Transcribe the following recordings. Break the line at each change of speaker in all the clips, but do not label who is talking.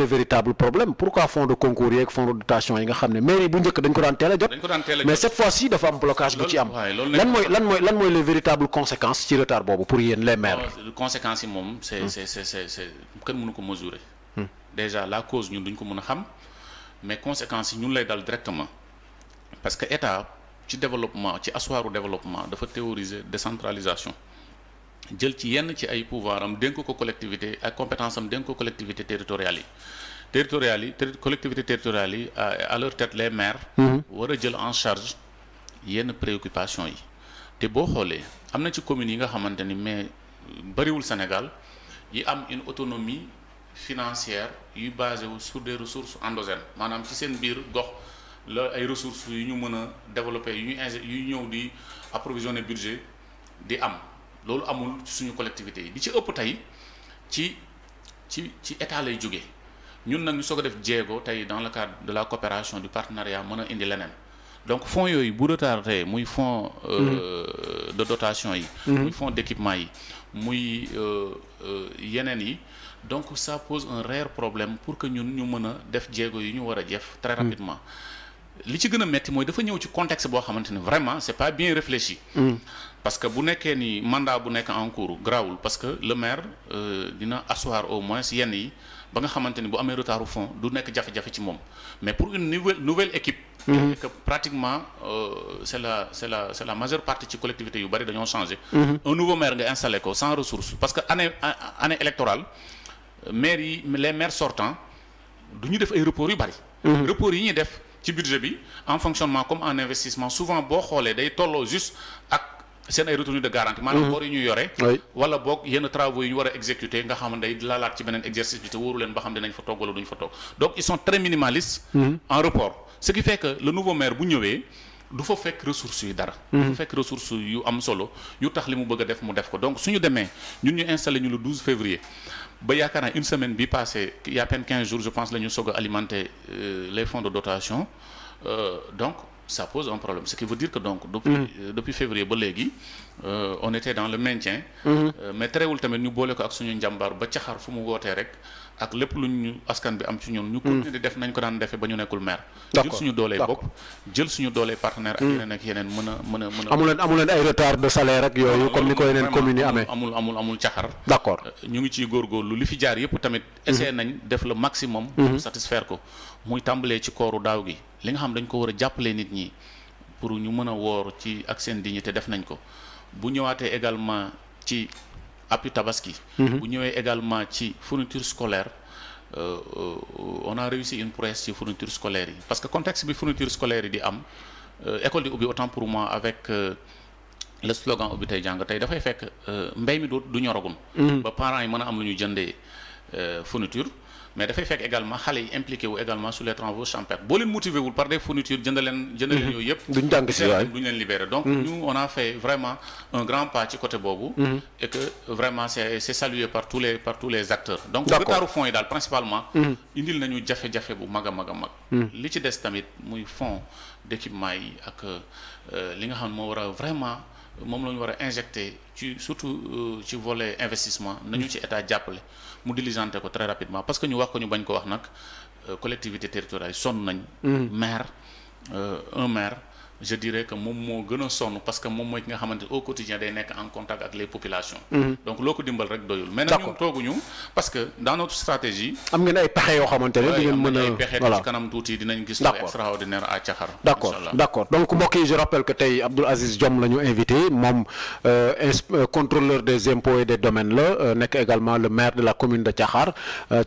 le véritable problème pourquoi fonds de concours yeeg fonds dotation yi nga xam ne mairie bu njëkk dañ ko daan teel a jot mais cette fois ci dafa am blocage bu ci am lan mooy lan mooy lan mooy les ci retard boobu pour yéen les maires conséquences yi moom hmm. c'est c'est c'est kenn mënu ko mesurer hmm. déjà la cause ñu duñ ko mën a xam mais conséquences yi ñun lay dal directement parce que état ci développement ci assoiru développement dafa théoriser décentralisation jël ci yenn ci ay pouvoir am dénk ko collectivité ak compétence am dénk ko collectivité territoriales yi territoriales yi collectivité territoriales yi à leur tête les maires mhm. war a jël en charge yenn préoccupation yi te boo xoolee am na ci communes yi nga xamante ni mais bariwul Sénégal yi am une autonomie financière yu basé wu sur des ressources endogènes maanaam ci seen biir gox la ay ressources yu ñu mën a développer yu ñu yu ñëw di approvisionner budget di am loolu amul suñu collectivité yi bi ci ëpp tey ci ci ci état lay jóge ñun nag ñu soog a def jéego tey dans le cadre de la coopération du partenariat mën a indi leneen donc fonds yooyu bu retardé muy fonds euh, mhm. de dotation yi mhm. muy fonds d'équipement yi muy euh, euh, yeneen yi donc ça pose un réel problème pour que ñun ñu mën a def jéego yi ñu war a jëf très mhm. rapidement li ci gën a metti mooy dafa ñëw ci contexte boo xamante ne vraiment c'est pas bien réfléchi mm. parce que bu nekkee ni mandat bu nekk en cours grawul parce que le maire euh, dina asseoir au moins yenn yi ba nga xamante ni bu amee retard fond du nekk jafe-jafe ci moom mais pour une nouvelle nouvelle équipe mm-hmm. pratiquement euh, c'est la c'est la c'est la majeure partie ci collectivité yu bari dañoo changé mm. un nouveau maire nga installé ko sans ressources parce que année année euh, maire yi les maires sortants du ñu def ay report yu mm-hmm. yi ñuy def ci budget bi en fonctionnement comme en investissement souvent boo xoolee day tolloo juste ak seen ay retenue de garantie maanaam mhm. bor yi ñu yore wala boog yenn travaux yi ñu war a exécuter nga xam ne laalaat ci beneen exercice bi te wóoru leen ba xam dinañ fa toog wala duñ fa toog donc ils sont très minimalistes mhm. en report ce qui fait que le nouveau maire bu ñëwee du fa fekk ressources yu dara. Mhm. du fa fekk ressources yu am solo yu tax li mu bëgg a def mu def ko donc suñu demee ñun ñu installé ñu le 12 février ba yaakaar naa une semaine bi passé il y a à peine 15 jours je pense la ñu soog a alimenter euh, fonds de dotation euh, donc. ça pose un problème ce qui veut dire que donc. depuis mm-hmm. euh, depuis février ba léegi euh, on était dans le maintien. Mm-hmm. Euh, mais terewul tamit ñu boole ko ak suñu njàmbaar ba caxar fu mu wootee rek ak lépp lu ñu askan bi am ci ñun. ñu mm-hmm. continuer di def nañ ko daan defee ba ñu nekkul maire. jël suñu doolee bopp jël suñu doolee partenaire. ak yeneen ak yeneen mën a mën a mën a. amu leen amu leen ay retard de salaire ak yooyu comme ni ko yeneen communes yi amee. amul amul amul caxar. d' accord euh, ñu ngi ciy góorgóorlu li fi jaar yëpp tamit. essayé nañ def le maximum. pour satisfaire ko muy tàmbalee ci kooru daaw gi li nga xam dañ ko war a jàppale nit ñi pour ñu mën a woor ci ak seen dignité def nañ ko bu ñëwaatee également ci appui tabaski mhm. bu ñëwee également ci fourniture scolaire euh, euh, on a réussi une prouesse ci fourniture scolaire yi parce que contexte bi fourniture scolaire yi di am euh, école di ubbi autant pour moi avec euh, le slogan ubbi tey jàng tey dafay fekk euh, mbéy mi du du ñoragum mhm. ba parents yi mën a am lu ñu jëndee Euh, fourniture mais dafay fekk également xale yi impliqué wu également sur les travaux champêtres boo leen motivé wul par des fournitures jënd leen jënd leen mhm. yooyu yëpp duñ jàng si waay duñ leen libéré donc mhm. nous on a fait vraiment un grand pas ci mhm. daal principalement indil nañu jafe-jafe bu mag a mag a mag li ci des tamit muy fonds d'équipement yi ak euh, li nga xam ne moo war vraiment moom la ñu war a injecté ci surtout euh, ci volet investissement nañu ci état jàppale mu diligenté ko très rapidement parce que ñu wax ko ñu bañ ko wax nag euh, collectivité territoriale sonn nañ mm-hmm. maire euh, un maire je dirais moom moo gën a sonn parce que moom mooy ki nga xamante au quotidien day nekk en contact ak les populations. Mhm. donc loo ko dimbal rek doyul. mais nag tooguñu parce que dans notre stratégie. am ngeen ay pexe yoo xamante ne di ngeen mën a. voilà am ngeen ay pexe ci kanam tuuti dinañ gis. d' accord extraordinaire à Caxar. d' accord d' donc mbokk yi je rappelle que tey Abdoul Aziz Diome la invité moom euh, euh, contrôleur des impôts des domaines la euh, nekk également le maire de la commune de Caxar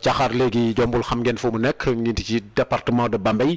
Caxar léegi jombul xam ngeen fu mu nekk ngi ci département de Bambey